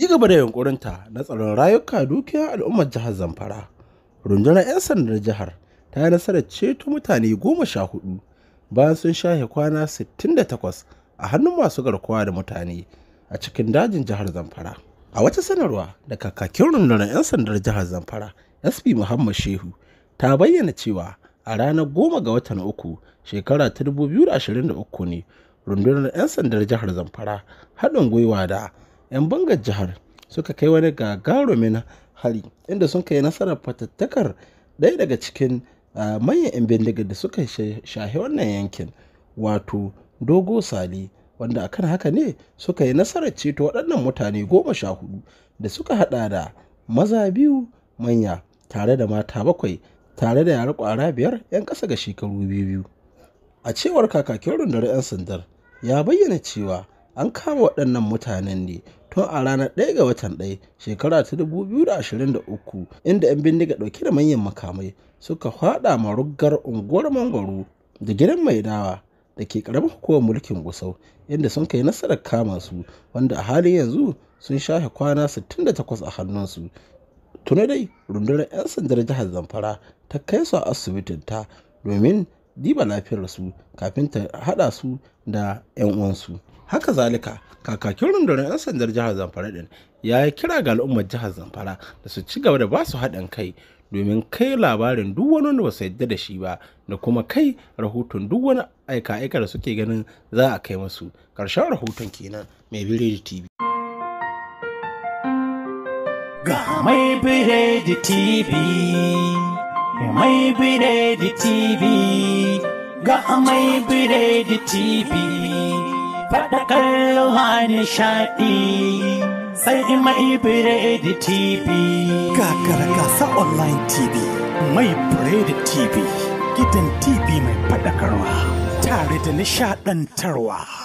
yi gaba da yunkurinta na tsaron rayuka dukiyar al'ummar jihar zamfara rundunar 'yan sandar jihar ta yi nasarar ceto mutane goma sha hudu bayan sun shahe kwana 68 a hannun masu garkuwa da mutane a cikin dajin jihar zamfara a wata sanarwa da kakakin rundunar 'yan sandar jihar zamfara sp muhammad shehu ta bayyana cewa a ranar goma ga watan uku shekara ta 2023 ne rundunar 'yan sandar jihar zamfara haɗin gwiwa da 'yan bangar jihar suka kai wani gagarumin hari inda sun kai nasarar fatattakar ɗaya daga cikin manyan 'yan bindigar da suka shahi wannan yankin wato dogo sali wanda akan haka ne suka yi nasarar ceto waɗannan mutane goma sha hudu da suka hada da maza biyu manya tare da mata bakwai tare da yara kwara biyar 'yan ƙasa ga shekaru biyu a cewar kakakin rundunar 'yan sandar ya bayyana cewa An kama waɗannan mutanen ne tun a ranar 1 ga watan Ɗaya, shekara ta 2023, inda 'yan bindiga ɗauke da manyan makamai suka faɗa ma unguwar Mangwaro da gidan Mai Dawa da ke ƙaramar hukumar mulkin Gusau, inda sun kai nasarar kama su, wanda a halin yanzu sun shafe kwana 68 a hannunsu. tuna dai rundunar 'yan sandar jihar Zamfara ta kai su a ta, domin diba lafiyarsu kafin ta haɗa su da 'yan uwansu. haka zalika kakakin rundunar 'yan sandar jihar zamfara din ya yi kira ga al'ummar jihar zamfara da su ci gaba da ba su haɗin kai domin kai labarin duk wani wanda ba yadda da shi ba da kuma kai rahoton duk wani aika-aika da suke ganin za a kai masu ƙarshen rahoton kenan mai biredi tv ga mai biredi tv mai biredi tv ga mai biredi tv faɗakar ruwa nishaɗi sai mai biredi TV. Kakar gasa online TV, mai biredi TV, gidan TV mai faɗakarwa tare da nishaɗantarwa.